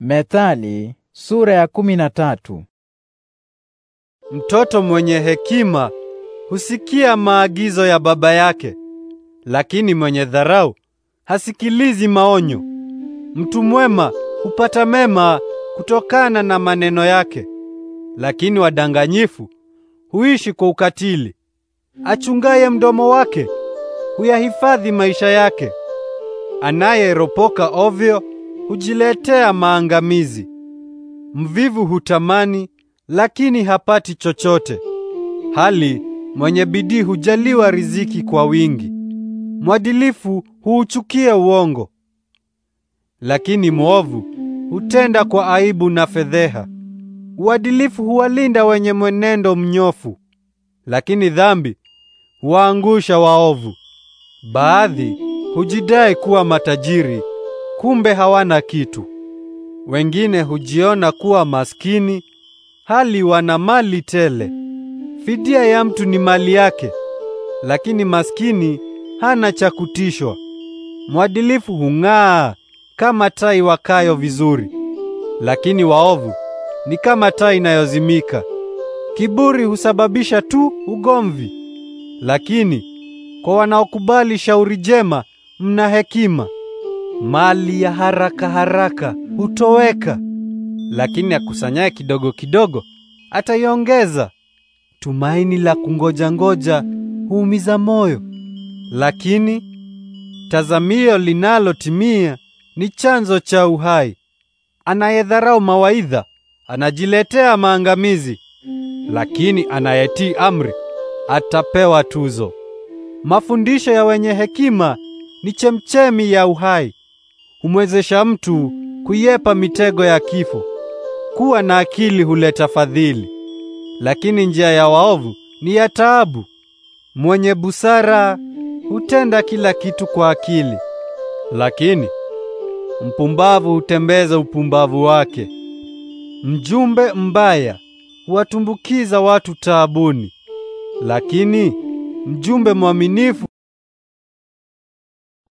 Methali sura ya kumi na tatu. Mtoto mwenye hekima husikia maagizo ya baba yake, lakini mwenye dharau hasikilizi maonyo. Mtu mwema hupata mema kutokana na maneno yake, lakini wadanganyifu huishi kwa ukatili. Achungaye mdomo wake huyahifadhi maisha yake, anayeropoka ovyo hujiletea maangamizi. Mvivu hutamani lakini hapati chochote, hali mwenye bidii hujaliwa riziki kwa wingi. Mwadilifu huuchukia uongo, lakini mwovu hutenda kwa aibu na fedheha. Uadilifu huwalinda wenye mwenendo mnyofu, lakini dhambi huwaangusha waovu. Baadhi hujidai kuwa matajiri, kumbe hawana kitu. Wengine hujiona kuwa maskini hali wana mali tele. Fidia ya mtu ni mali yake, lakini maskini hana cha kutishwa. Mwadilifu hung'aa kama tai wakayo vizuri, lakini waovu ni kama tai inayozimika. Kiburi husababisha tu ugomvi, lakini kwa wanaokubali shauri jema mna hekima mali ya haraka haraka hutoweka, lakini akusanyaye kidogo kidogo ataiongeza. Tumaini la kungoja ngoja huumiza moyo, lakini tazamio linalotimia ni chanzo cha uhai. Anayedharau mawaidha anajiletea maangamizi, lakini anayetii amri atapewa tuzo. Mafundisho ya wenye hekima ni chemchemi ya uhai humwezesha mtu kuiepa mitego ya kifo. Kuwa na akili huleta fadhili, lakini njia ya waovu ni ya taabu. Mwenye busara hutenda kila kitu kwa akili, lakini mpumbavu hutembeza upumbavu wake. Mjumbe mbaya huwatumbukiza watu taabuni, lakini mjumbe mwaminifu